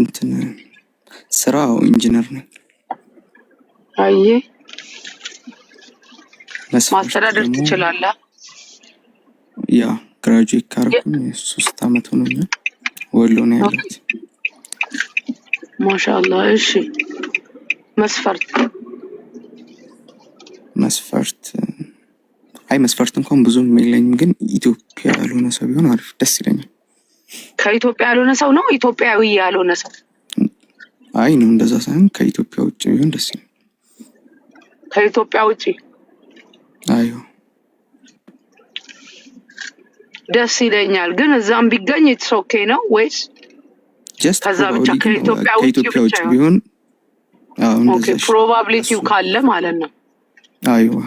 እንትን ስራ ኢንጂነር ነኝ። አይ ማስተዳደር ትችላለህ? ያ ግራጁዌት ካርኩኝ ሶስት አመት ሆኖኛል። ወሎ ነው ያለሁት። ማሻአላ። እሺ መስፈርት መስፈርት አይ መስፈርት እንኳን ብዙም የለኝም፣ ግን ኢትዮጵያ ያልሆነ ሰው ቢሆን አሪፍ ደስ ይለኛል። ከኢትዮጵያ ያልሆነ ሰው ነው ኢትዮጵያዊ ያልሆነ ሰው? አይ ነው እንደዛ ሳይሆን ከኢትዮጵያ ውጭ ቢሆን ደስ ነው ከኢትዮጵያ ውጭ አዩ ደስ ይለኛል። ግን እዛም ቢገኝ ኢትስ ኦኬ ነው ወይስ ከዛ ብቻ ከኢትዮጵያ ውጭ ቢሆን ፕሮባብሊቲው ካለ ማለት ነው። አይዋ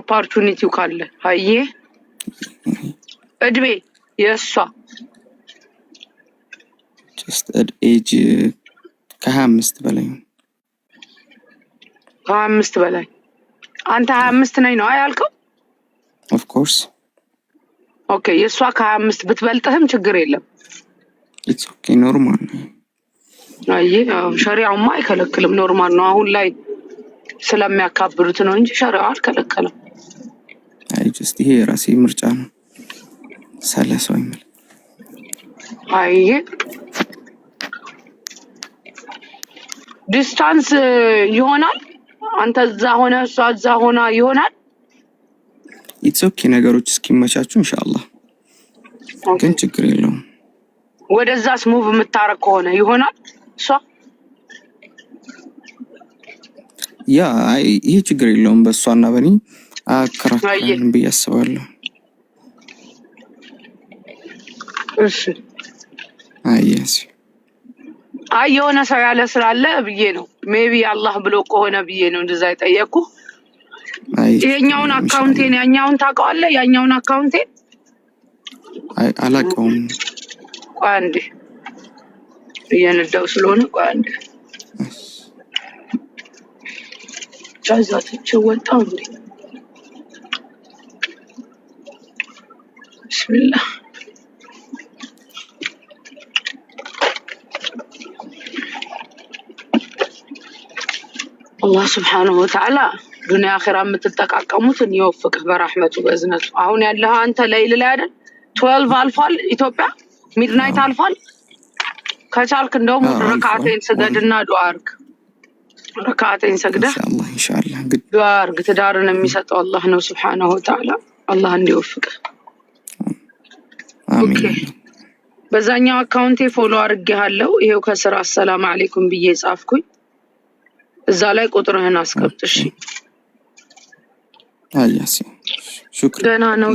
ኦፖርቹኒቲው ካለ አየ እድሜ የእሷ ጀስት ኤጅ ከሀያ አምስት በላይ ነው። ሀያ አምስት በላይ አንተ ሀያ አምስት ነኝ ነው ያልከው? ኦፍኮርስ ኦኬ። የእሷ ከሀያ አምስት ብትበልጥህም ችግር የለም። ኢትስ ኦኬ ኖርማል ነው። አይ ሸሪያውማ አይከለክልም። ኖርማል ነው። አሁን ላይ ስለሚያካብዱት ነው እንጂ ሸሪያው አልከለከለም። አይ ጀስት ይሄ የራሴ ምርጫ ነው። ሰለሰው ይመል አይ ዲስታንስ ይሆናል። አንተ እዛ ሆነ እሷ እዛ ሆና ይሆናል። ኢትስ ኦኬ ነገሮች እስኪመቻቹ እንሻላ ግን ችግር የለውም። ወደዛስ ሙቭ የምታረግ ከሆነ ይሆናል። እሷ ያ ይሄ ችግር የለውም። በእሷና በኔ አከራከርን ብዬ አስባለሁ። እሺ አየህ አይ የሆነ ሰው ያለ ስራ አለ ብዬ ነው። ሜቢ አላህ ብሎ ከሆነ ብዬ ነው እንደዛ የጠየቅኩ። ይሄኛውን አካውንቴን ያኛውን ታውቀዋለህ? ያኛውን አካውንቴን አላውቀውም። ቆይ አንዴ እየነዳው ስለሆነ ቆይ አንዴ ወጣው እንዴ ብስሚላህ አላህ ስብሓንሁ ወተዓላ ዱኒያ አኼራ የምትጠቃቀሙትን ይወፍቅህ በራህመቱ በእዝነቱ። አሁን ያለህ አንተ ለይል ላይ አይደል? ትዌልቭ አልፏል፣ ኢትዮጵያ ሚድናይት አልፏል። ከቻልክ እንደውም ረካቴን ስገድና ዱዓ አርግ። ረካቴን ሰግደህ ዱዓ አርግ። ትዳርን የሚሰጠው አላህ ነው ስብሓንሁ ወተዓላ። አላህ እንዲወፍቅህ። በዛኛው አካውንቴ ፎሎ አርጌ ይሄው ከስራ አሰላም አሌይኩም ብዬ ጻፍኩኝ። እዛ ላይ ቁጥርህን አስቀምጥ። ገና ነው።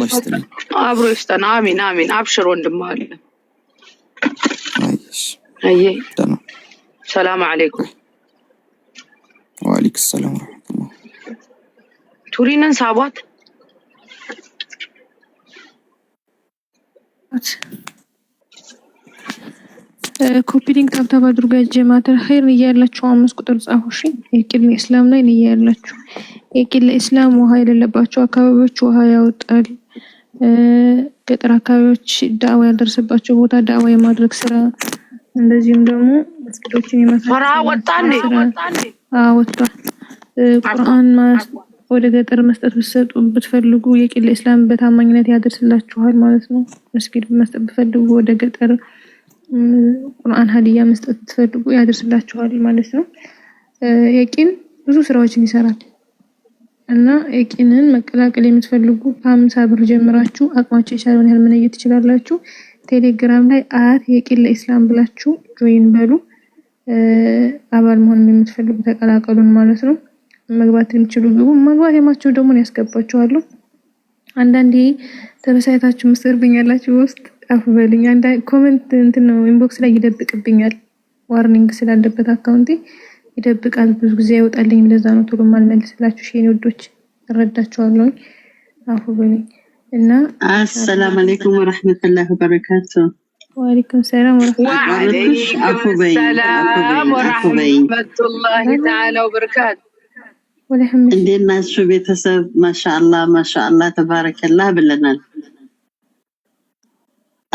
አብሮ ይስጠን። አሚን አሚን። አብሽር ወንድም አለ። አየ ሰላም አሌይኩም። ዋሌይኩም ሰላም ረመቱላ። ቱሪንን ሳቧት ኮፒሊንግ ታብታብ አድርጎ ያጀማተር ኸይር ንያ ያላችሁ አምስት ቁጥር ጻፉሽ። እሺ የቂል ኢስላም ላይ ንያ ያላችሁ የቂል ኢስላም ውሃ የሌለባቸው አካባቢዎች ውሃ ያወጣል። ገጠር አካባቢዎች ዳዋ ያልደረሰባቸው ቦታ ዳዋ የማድረግ ስራ እንደዚሁም ደግሞ መስጊዶችን የመስራ ወጣን ቁርአን ወደ ገጠር መስጠት ብትሰጡ ብትፈልጉ የቂል ኢስላም በታማኝነት ያደርስላችኋል ማለት ነው። መስጊድ መስጠት ብትፈልጉ ወደ ገጠር ቁርአን ሀዲያ መስጠት ትፈልጉ ያደርስላችኋል ማለት ነው። የቂን ብዙ ስራዎችን ይሰራል እና የቂንን መቀላቀል የምትፈልጉ ከአምሳ ብር ጀምራችሁ አቅማችሁ የቻለውን ያህል መነየት ትችላላችሁ። ቴሌግራም ላይ አር የቂን ለኢስላም ብላችሁ ጆይን በሉ። አባል መሆን የምትፈልጉ ተቀላቀሉን ማለት ነው። መግባት የሚችሉ ግቡ። መግባት የማችሁ ደግሞ ያስገባችኋለሁ። አንዳንዴ ተበሳይታችሁ ምስር ብኛላችሁ ውስጥ አፉ በሉኝ። አንዳንድ ኮመንት እንትን ነው ኢንቦክስ ላይ ይደብቅብኛል። ዋርኒንግ ስላለበት አካውንቴ ይደብቃል። ብዙ ጊዜ አይወጣልኝ። ለዛ ነው ቶሎ ማልመልስላችሁ። ሺኔ ወዶች እረዳችኋለሁኝ። አፉ በሉኝ እና አሰላም አለይኩም ወረሕመቱላህ ወበረካቱ። ወአለይኩም ሰላም ወረሕመቱላህ ተዓላ ወበረካቱ። እንዴት ናችሁ ቤተሰብ? ማሻአላህ ማሻአላህ ተባረከላህ ብለናል።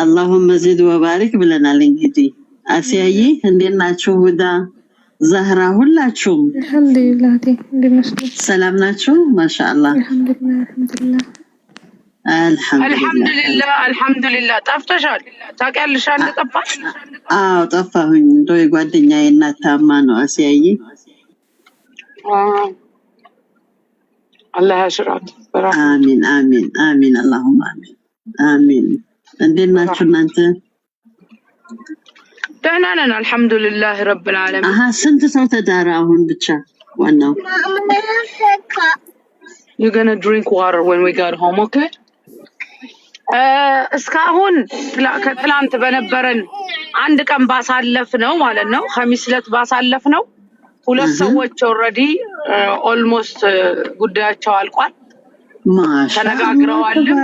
አላሁመ ዚድ ወባሪክ ብለናል። እንግዲህ አስያይ እንዴት ናችሁ? ሁዳ ዛህራ፣ ሁላችሁም ሰላም ናችሁ? ማሻአላህ አልሐምዱሊላህ አልሐምዱሊላህ። ጠፍተሻል፣ ታውቂያለሽ? አንድ ጠፋሽ። አዎ ጠፋሁኝ። እንደው የጓደኛዬ እናት ታማ ነው አስያይ። አላህ ያሽራት። አሚን አሚን አሚን። አላሁማ አሚን አሚን እንዴት ናችሁ እናንተ? ደህና ነን አልሐምዱሊላህ ረብል ዓለሚን። አሀ ስንት ሰው ተዳረ አሁን? ብቻ ዋናው ዩ gonna ድሪንክ ዋተር when ዊ ጋት ሆም ኦኬ። እስካሁን ከትላንት በነበረን አንድ ቀን ባሳለፍ ነው ማለት ነው። ሀሚስ ዕለት ባሳለፍ ነው ሁለት ሰዎች ኦልሬዲ ኦልሞስት ጉዳያቸው አልቋል። ተነጋግረዋልም።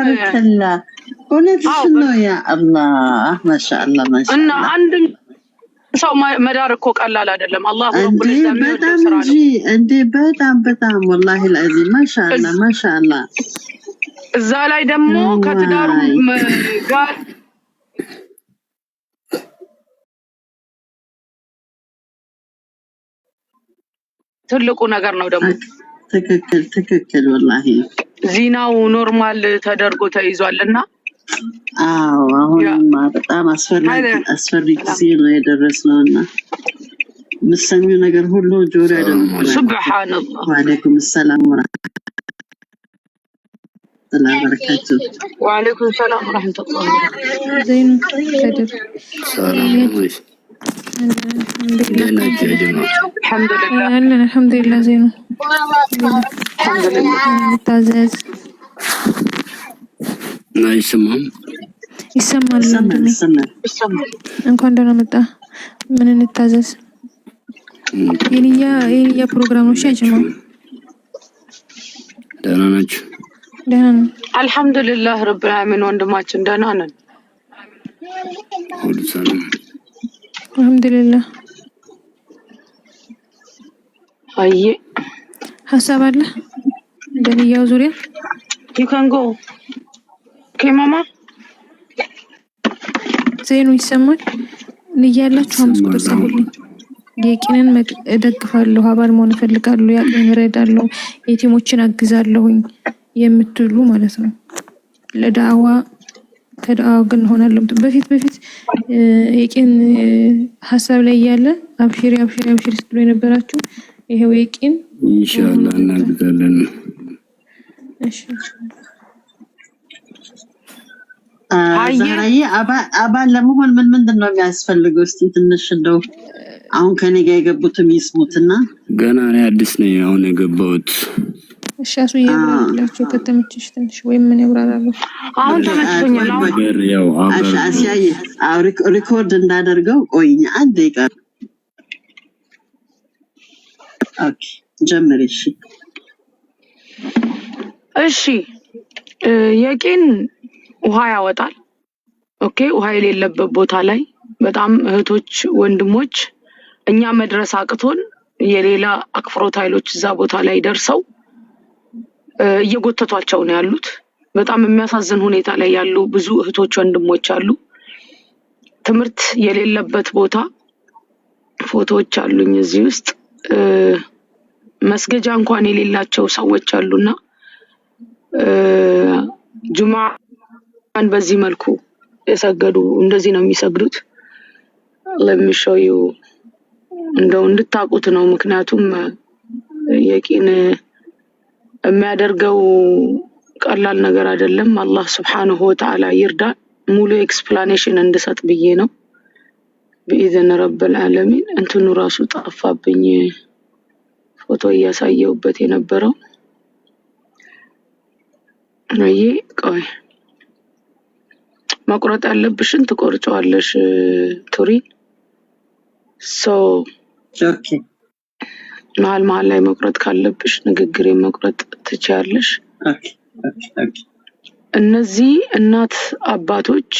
ነው። ያ አላህ ማሻአላ ማሻአላ። እና አንድ ሰው መዳር እኮ ቀላል አይደለም። አላህ በጣም እንጂ እንዴ በጣም በጣም ወላሂ ማሻአላ ማሻአላ። እዛ ላይ ደግሞ ከትዳሩ ጋር ትልቁ ነገር ነው ደግሞ ትክክል ትክክል ወላሂ ዚናው ኖርማል ተደርጎ ተይዟል እና አዎ አሁንማ በጣም አስፈሪ ጊዜ ነው የደረስነው እና ምሰኙ ነገር ሁሉ ጆሮ አይደለም። ሱብሃንአላህ። ወአለይኩም ሰላም ወራህመቱላሂ ወበረካቱ። ወአለይኩም ሰላም ወራህመቱላሂ ወበረካቱ። አልሐምዱሊላህ ዜና ታዘዝ ይሰማል። እንኳን ደህና መጣ። ምን እንታዘዝ? የንያ የንያ ፕሮግራሞች አይጀምሩ። ደህና ናችሁ? ደህና ነው አልሐምዱሊላህ ወንድማችን ደህና ነን። አልሐምዱሊላህ። አይ ሀሳብ አለ በንያው ዙሪያ ዩ ካን ጎ ኦኬ ዜኑ ይሰማል። ንያ ያላችሁ አምስት ቁጥር ጻፉልኝ። የቂንን እደግፋለሁ፣ አባል መሆን እፈልጋለሁ፣ ያቅሜን እረዳለሁ፣ የቲሞችን አግዛለሁኝ የምትሉ ማለት ነው ለዳዋ ከዱዓ ግን ሆናለሁ። በፊት በፊት የቂን ሀሳብ ላይ እያለ አብሽሪ አብሽሪ አብሽሪ ስትሉ የነበራችሁ ይሄው የቂን ኢንሻአላህ እናድርጋለን። እሺ ዛራዬ አባል ለመሆን ምን ምንድን ነው የሚያስፈልገው? እስቲ ትንሽ እንደው አሁን ከኔ ጋር የገቡትም ይስሙትና ገና እኔ አዲስ ነኝ አሁን የገባሁት እሻሱ እያብራራላችሁ ከተመቸሽ ትንሽ ወይም ምን ያብራራሉ? አሁን ተመችቶኛል። ሪኮርድ እንዳደርገው ቆይኝ፣ አንድ ይቀር ጀምር። እሺ፣ እሺ። የቂን ውሃ ያወጣል። ኦኬ። ውሃ የሌለበት ቦታ ላይ በጣም እህቶች ወንድሞች፣ እኛ መድረስ አቅቶን የሌላ አክፍሮት ኃይሎች እዛ ቦታ ላይ ደርሰው እየጎተቷቸው ነው ያሉት። በጣም የሚያሳዝን ሁኔታ ላይ ያሉ ብዙ እህቶች ወንድሞች አሉ። ትምህርት የሌለበት ቦታ ፎቶዎች አሉኝ እዚህ ውስጥ መስገጃ እንኳን የሌላቸው ሰዎች አሉና ጁማን በዚህ መልኩ የሰገዱ እንደዚህ ነው የሚሰግዱት። ለሚሸዩ እንደው እንድታቁት ነው። ምክንያቱም የቂን የሚያደርገው ቀላል ነገር አይደለም። አላህ ስብሓንሁ ወተዓላ ይርዳ። ሙሉ ኤክስፕላኔሽን እንድሰጥ ብዬ ነው። ብኢዝን ረብል ዓለሚን እንትኑ ራሱ ጠፋብኝ፣ ፎቶ እያሳየውበት የነበረው ነዬ። ቆይ መቁረጥ ያለብሽን ትቆርጨዋለሽ ቱሪ ሶ መሀል መሀል ላይ መቁረጥ ካለብሽ ንግግር መቁረጥ ትችያለሽ። እነዚህ እናት አባቶች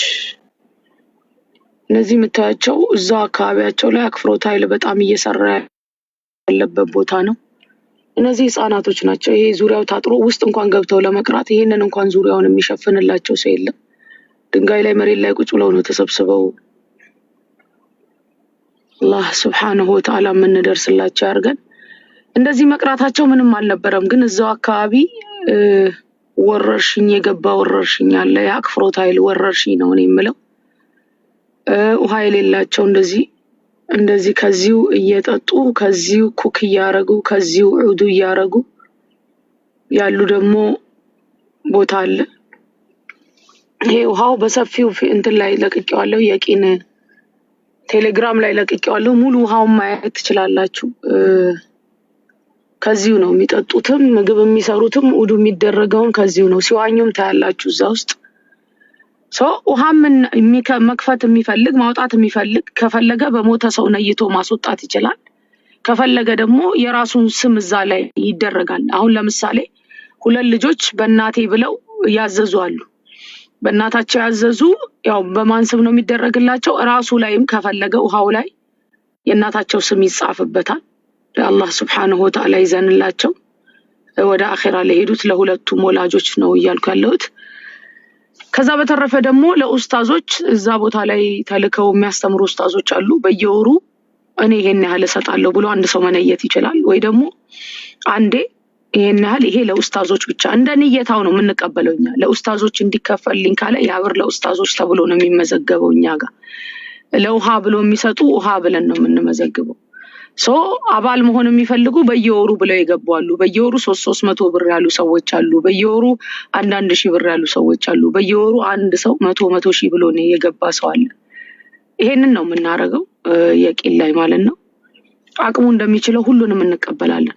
እነዚህ የምታያቸው እዛ አካባቢያቸው ላይ አክፍሮት ኃይል በጣም እየሰራ ያለበት ቦታ ነው። እነዚህ ህፃናቶች ናቸው። ይሄ ዙሪያው ታጥሮ ውስጥ እንኳን ገብተው ለመቅራት ይሄንን እንኳን ዙሪያውን የሚሸፍንላቸው ሰው የለም። ድንጋይ ላይ መሬት ላይ ቁጭ ብለው ነው ተሰብስበው አላህ ስብሓንሁ ወተዓላ የምንደርስላቸው ያርገን። እንደዚህ መቅራታቸው ምንም አልነበረም። ግን እዛው አካባቢ ወረርሽኝ የገባ ወረርሽኝ አለ። የአክፍሮት ኃይል ወረርሽኝ ነው እኔ የምለው። ውሃ የሌላቸው እንደዚህ እንደዚህ ከዚሁ እየጠጡ ከዚሁ ኩክ እያረጉ ከዚሁ ዑዱ እያረጉ ያሉ ደግሞ ቦታ አለ። ይሄ ውሃው በሰፊው እንትን ላይ ለቅቄዋለሁ። የቂን ቴሌግራም ላይ ለቅቄዋለሁ። ሙሉ ውሃውን ማየት ትችላላችሁ። ከዚሁ ነው የሚጠጡትም፣ ምግብ የሚሰሩትም፣ ውዱ የሚደረገውን ከዚሁ ነው። ሲዋኙም ታያላችሁ እዛ ውስጥ ሰው ውሃም መክፈት የሚፈልግ ማውጣት የሚፈልግ ከፈለገ በሞተ ሰው ነይቶ ማስወጣት ይችላል። ከፈለገ ደግሞ የራሱን ስም እዛ ላይ ይደረጋል። አሁን ለምሳሌ ሁለት ልጆች በእናቴ ብለው ያዘዙ አሉ። በእናታቸው ያዘዙ ያው በማን ስም ነው የሚደረግላቸው? እራሱ ላይም ከፈለገ ውሃው ላይ የእናታቸው ስም ይጻፍበታል። ለአላህ ስብሓንሁ ወተዓላ ይዘንላቸው ወደ አኼራ ለሄዱት ለሁለቱም ወላጆች ነው እያልኩ ያለሁት። ከዛ በተረፈ ደግሞ ለኡስታዞች እዛ ቦታ ላይ ተልከው የሚያስተምሩ ኡስታዞች አሉ። በየወሩ እኔ ይሄን ያህል እሰጣለሁ ብሎ አንድ ሰው መነየት ይችላል። ወይ ደግሞ አንዴ ይሄን ያህል ይሄ ለኡስታዞች ብቻ እንደ ንየታው ነው የምንቀበለው እኛ። ለኡስታዞች እንዲከፈልልኝ ካለ የአብር ለኡስታዞች ተብሎ ነው የሚመዘገበው እኛ ጋር። ለውሃ ብሎ የሚሰጡ ውሃ ብለን ነው የምንመዘግበው። ሶ አባል መሆን የሚፈልጉ በየወሩ ብለው የገቡ አሉ። በየወሩ ሶስት ሶስት መቶ ብር ያሉ ሰዎች አሉ። በየወሩ አንዳንድ ሺህ ብር ያሉ ሰዎች አሉ። በየወሩ አንድ ሰው መቶ መቶ ሺህ ብሎ የገባ ሰው አለ። ይሄንን ነው የምናደርገው የቂል ላይ ማለት ነው። አቅሙ እንደሚችለው ሁሉንም እንቀበላለን።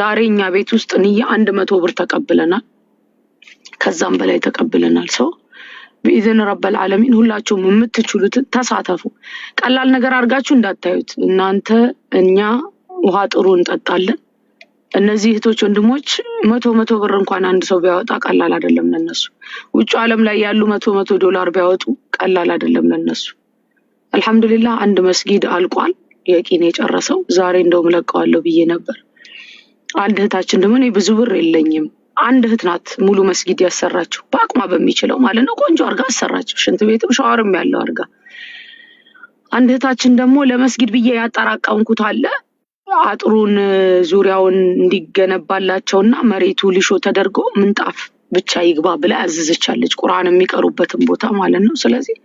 ዛሬ እኛ ቤት ውስጥ ንየ አንድ መቶ ብር ተቀብለናል። ከዛም በላይ ተቀብለናል ሰው ብኢዝን ረበል ዓለሚን ሁላችሁም የምትችሉት ተሳተፉ። ቀላል ነገር አድርጋችሁ እንዳታዩት። እናንተ እኛ ውሃ ጥሩ እንጠጣለን። እነዚህ እህቶች ወንድሞች መቶ መቶ ብር እንኳን አንድ ሰው ቢያወጣ ቀላል አይደለም ለነሱ። ውጭ ዓለም ላይ ያሉ መቶ መቶ ዶላር ቢያወጡ ቀላል አይደለም ለነሱ። አልሐምዱሊላህ አንድ መስጊድ አልቋል። የቂን የጨረሰው ዛሬ እንደውም ለቀዋለሁ ብዬ ነበር። አንድ እህታችን ደግሞ እኔ ብዙ ብር የለኝም አንድ እህት ናት ሙሉ መስጊድ ያሰራችው በአቅሟ በሚችለው ማለት ነው። ቆንጆ አርጋ አሰራችው። ሽንት ቤትም ሸዋርም ያለው አርጋ አንድ እህታችን ደግሞ ለመስጊድ ብዬ ያጠራቀምኩት አለ አጥሩን ዙሪያውን እንዲገነባላቸውና መሬቱ ሊሾ ተደርጎ ምንጣፍ ብቻ ይግባ ብላ ያዘዘቻለች። ቁርአን የሚቀሩበትን ቦታ ማለት ነው። ስለዚህ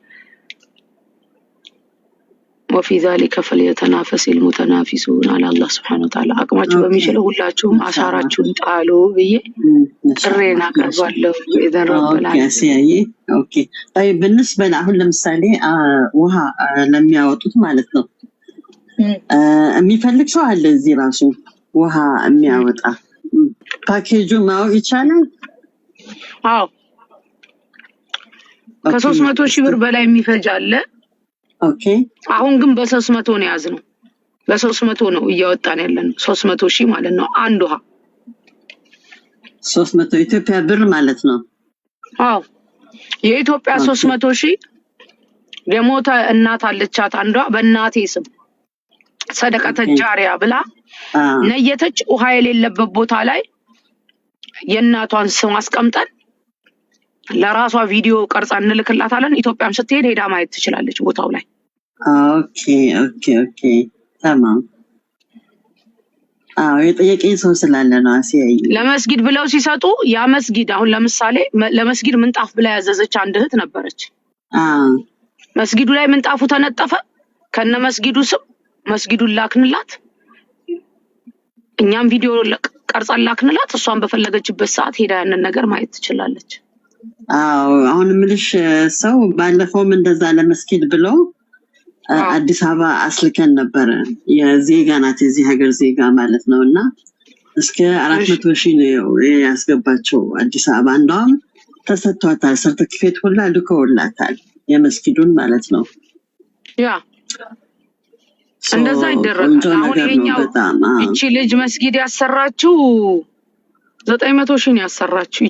ወፊ ዛሊከ ፈልየተናፈስ ልሙተናፊሱን አለ አላህ ስብሐነ ወተዓላ። አቅማችሁ በሚችለው ሁላችሁም አሻራችሁን ጣሉ ብዬ ጥሬን አቀርባለሁ። ሲያየ ብንስበን አሁን ለምሳሌ ውሃ ለሚያወጡት ማለት ነው የሚፈልግ ሰው አለ እዚህ ራሱ ውሃ የሚያወጣ ፓኬጁ ማወቅ ይቻላል። አዎ ከሶስት መቶ ሺህ ብር በላይ የሚፈጅ አለ አሁን ግን በሶስት መቶ ነው የያዝ ነው። በሶስት መቶ ነው እያወጣን ያለ ሶስት መቶ ሺህ ማለት ነው አንድ ውሃ ሶስት መቶ ኢትዮጵያ ብር ማለት ነው። አዎ የኢትዮጵያ ሶስት መቶ ሺህ የሞተ እናት አለቻት አንዷ በእናቴ ስም ሰደቀተ ጃሪያ ብላ ነየተች። ውሃ የሌለበት ቦታ ላይ የእናቷን ስም አስቀምጠን ለራሷ ቪዲዮ ቀርጻ እንልክላታለን። ኢትዮጵያም ስትሄድ ሄዳ ማየት ትችላለች ቦታው ላይ። ኦኬ ኦኬ ኦኬ ተማም። አዎ የጠየቀኝ ሰው ስላለ ነው። አስያይ ለመስጊድ ብለው ሲሰጡ ያ መስጊድ አሁን ለምሳሌ ለመስጊድ ምንጣፍ ብላ ያዘዘች አንድ እህት ነበረች። መስጊዱ ላይ ምንጣፉ ተነጠፈ ከነ መስጊዱ ስም። መስጊዱን ላክንላት፣ እኛም ቪዲዮ ቀርጻ ላክንላት። እሷን በፈለገችበት ሰዓት ሄዳ ያንን ነገር ማየት ትችላለች። አዎ አሁን ምልሽ ሰው ባለፈውም እንደዛ ለመስጊድ ብሎ አዲስ አበባ አስልከን ነበረ። የዜጋ ናት የዚህ ሀገር ዜጋ ማለት ነው። እና እስከ አራት መቶ ሺህ ነው ያስገባቸው አዲስ አበባ። እንደውም ተሰጥቷታል፣ ሰርተክፌት ሁላ ልከውላታል፣ የመስጊዱን ማለት ነው። እንደዛ ይደረጋል። አሁን ይሄኛው ልጅ መስጊድ ያሰራችው ዘጠኝ መቶ ሺህ ነው ያሰራችው።